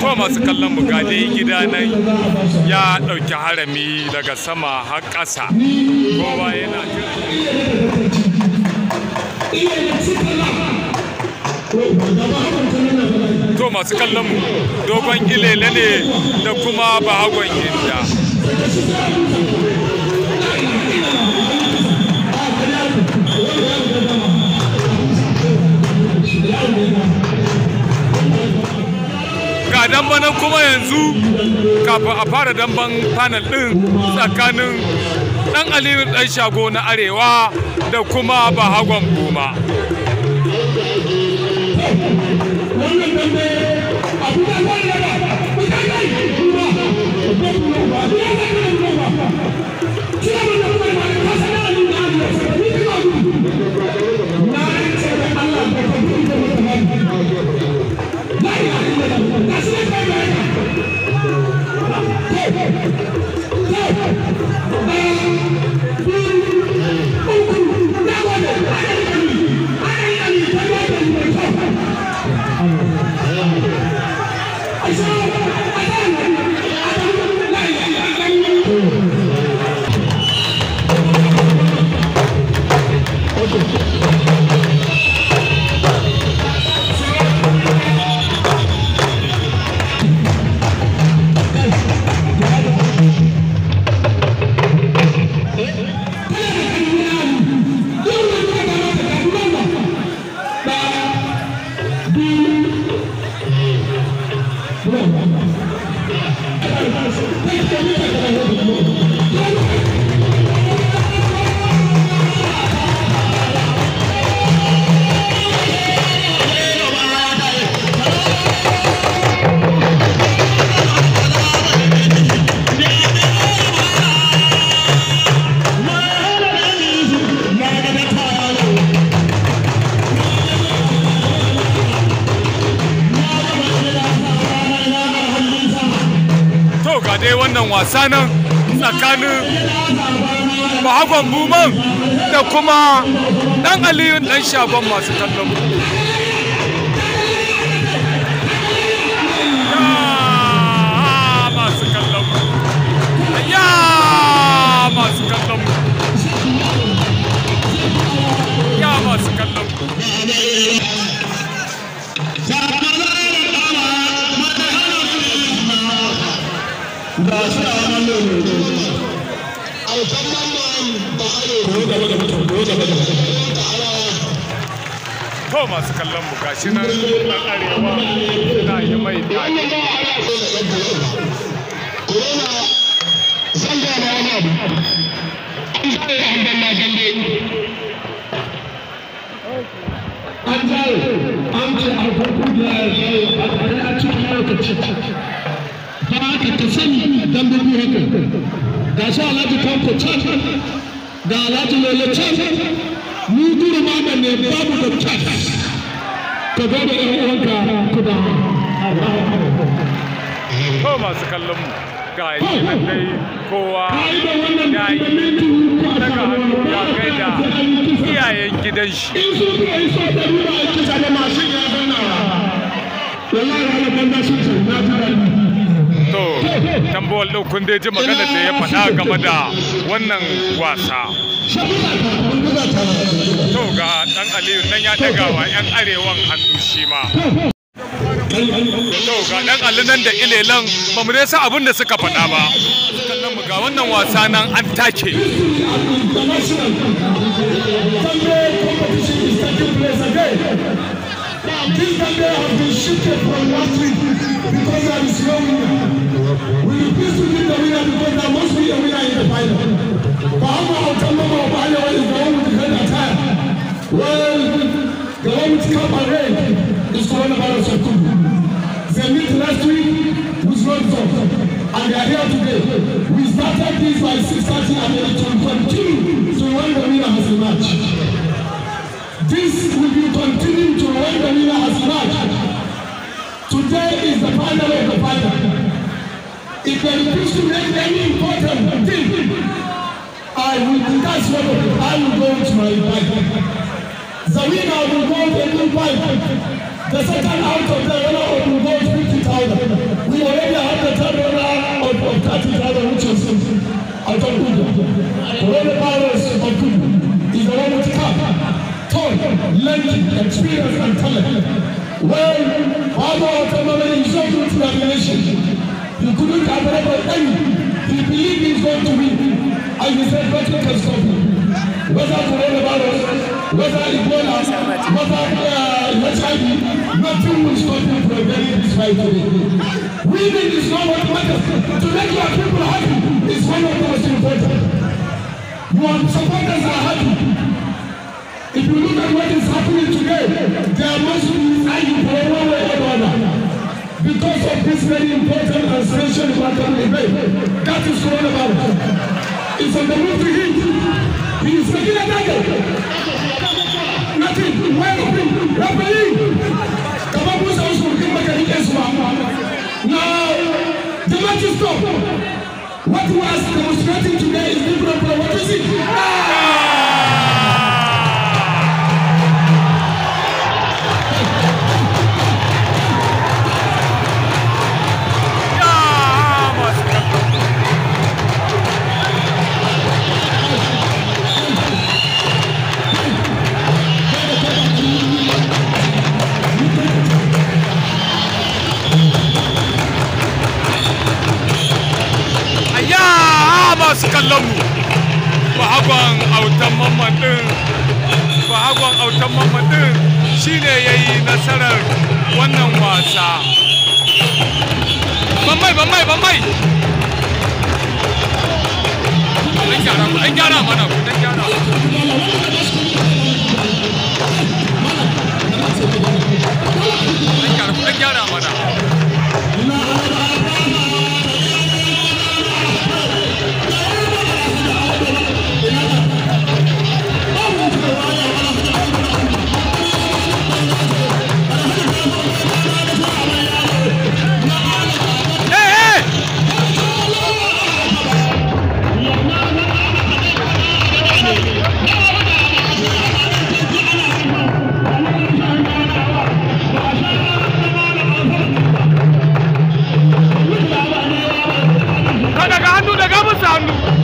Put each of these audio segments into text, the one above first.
ko masu kallon mu gida nan ya ɗauki harami daga sama har ƙasa kowa yana To masu kallon dogon ilele ne da kuma bahagon inda. damba nan kuma yanzu kafin a fara damban panel din tsakanin dan aliyu dan shago na arewa da kuma bahagon goma sanan tsakanin mahagon buman da kuma dan aliyun dan shagon masu kallon ga su alhaji kanko can ga alhaji lele can ni duru magan ne babu da can ka zo da ƴan uwanka ku da ko masu kallon mu ga yi nan dai kowa ya yi daga hannu ya kai da iyayen gidan shi in su ka yi so ruwa a kisa da mashin ya zana wallahi wani kan da sun na to tambawal ɗaukun ya ji magana da ya faɗa game da wannan wasa to ga ɗan aliyu nan ya ɗaga wa 'yan arewan hannu shi ma to ga ɗan alinan da ilelan ba mu sa abin da suka faɗa ba ga wannan wasa nan an take This has been shifted from last week because that is your We refuse to give the winner because there must be a winner in the final. But how Bahama Otamama Obalewa is the one with the red attire. Well, the one with cap and red is coronavirus Yakubu. They meet last week with Rodson and they are here today. We started this by 6.30 and it will continue to when the winner has match. This will be continuing to when the winner has match. today is the final of the final. If there is to make any important thing, I will, that's what I will go with my bike. The winner will go with a new bike. The second out of the will go with 50,000. We already have the third runner of, of 30,000, which is out of Kudu. Coronavirus of Kudu is the one with cap, tall, lengthy, experience, and talent. where Baba Otomama is so good to revelation. He couldn't have ever done He believed he's going to win. And he said, nothing can stop him. Whether coronavirus, whether Ebola, whether HIV, uh, nothing will stop him from getting this fight today. Winning is not what matters. To make your people happy is one of the most important. Your supporters are happy. you look at what is happening today, there are Muslims arguing one way or another. Because of this very important and special matter debate. That is what about it. It's on the move to him. He is making a target. Nothing. Where is he? Referee. Kababu is also looking back at the case Now, the match is stopped. What was demonstrating today is different from what you see. Ah! Mamman shine ya yi nasarar wannan wasa. Bambai, bambai, bambai! dan gyara ku, mana ku, hannu daga musu hannu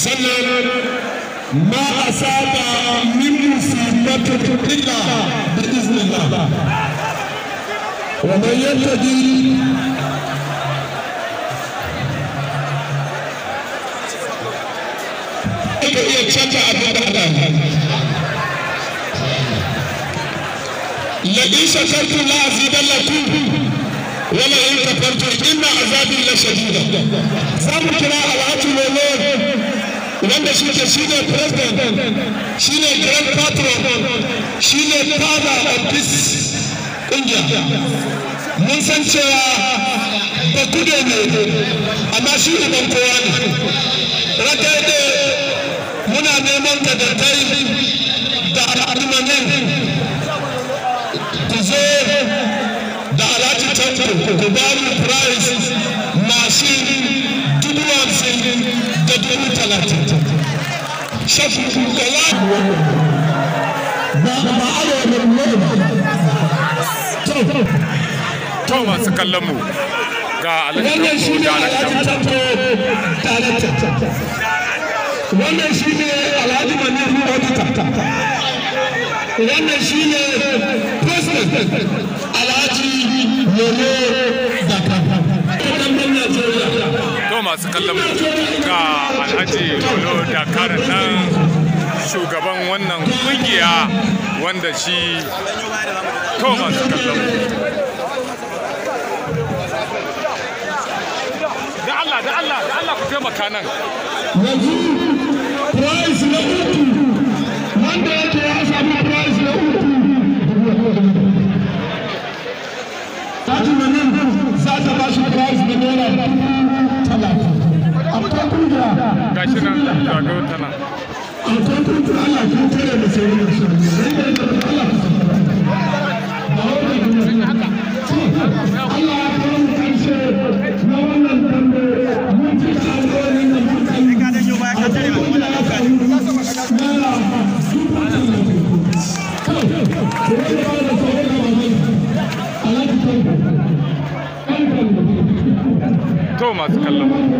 وسلم ما أصاب من مصيبة إلا بإذن الله ومن يتقي لئن شكرتم لأزيدنكم ولئن كفرتم إن عذابي لشديد. زمكنا على أكل الله wanda shi ke ne president shi ne grand patron shi ne father of this kungiya mun san cewa ba kude ne amma shi uban kowa ne rakai da muna neman da dattai da al'adamanin ku zo da alhaji tanko ku ba mu price mashin dubu hamsin da dubu talatin to masu kallon mu ga alaƙarku da wannan shi ne alhaji maniru odita wannan shi ne president alhaji yoro masu kallon ga alhaji kulo da karin nan shugaban wannan kungiya wanda shi to masu kallon da Allah da Allah da Allah ku taimaka nan ga tana a tantun da sai sai da Allah ka tsara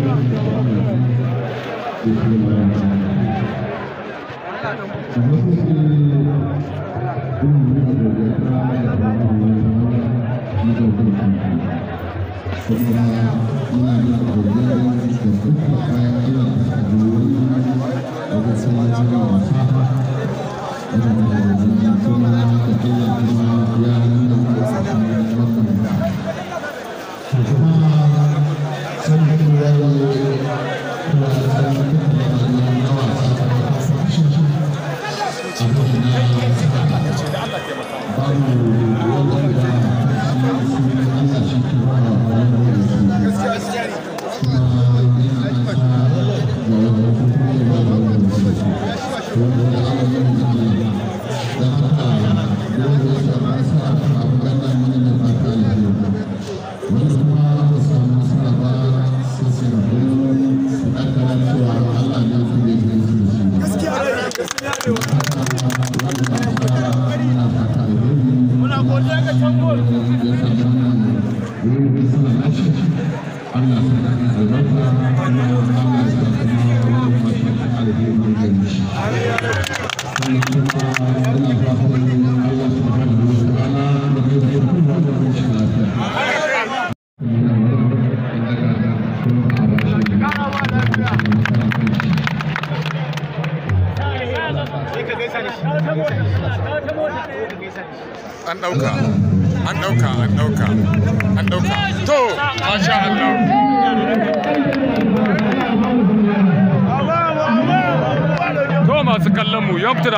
Mm-hmm. Thank you.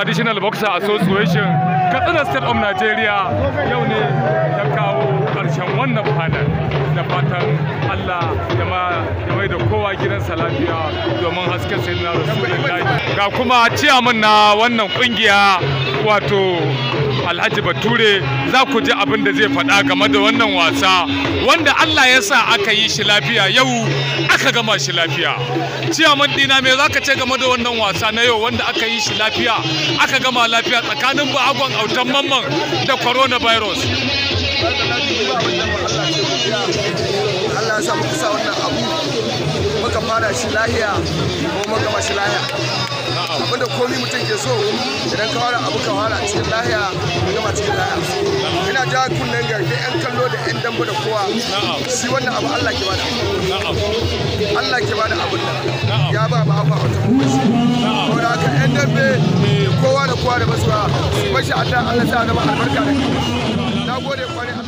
traditional boxer association katsina state of nigeria yau ne ta kawo karshen wannan fadar da fatan allah da mai da kowa gidansa lafiya domin hasken sai na rasu ga kuma ciyaman na wannan kungiya wato alhaji bature za ku ji abin da zai faɗa game da wannan wasa wanda allah ya sa aka yi shi lafiya yau aka gama shi lafiya ciyaman dina me za ka ce game da wannan wasa na yau wanda aka yi shi lafiya aka gama lafiya tsakanin bahagon autan mamman da coronavirus muka fara shi lahiya ko muka gama lahiya abinda komi mutum ke so idan ka wara abu ka wara a cikin lahiya ka gama cikin lahiya ina ja kunnen gari dai yan kallo da yan dambu da kowa shi wannan abu Allah ke bada Allah ke bada abu da ya ba ba ba wata mutunci ko da ka yan dambe kowa da kowa da basuwa mashi Allah Allah ta zama albarka da na gode kwarai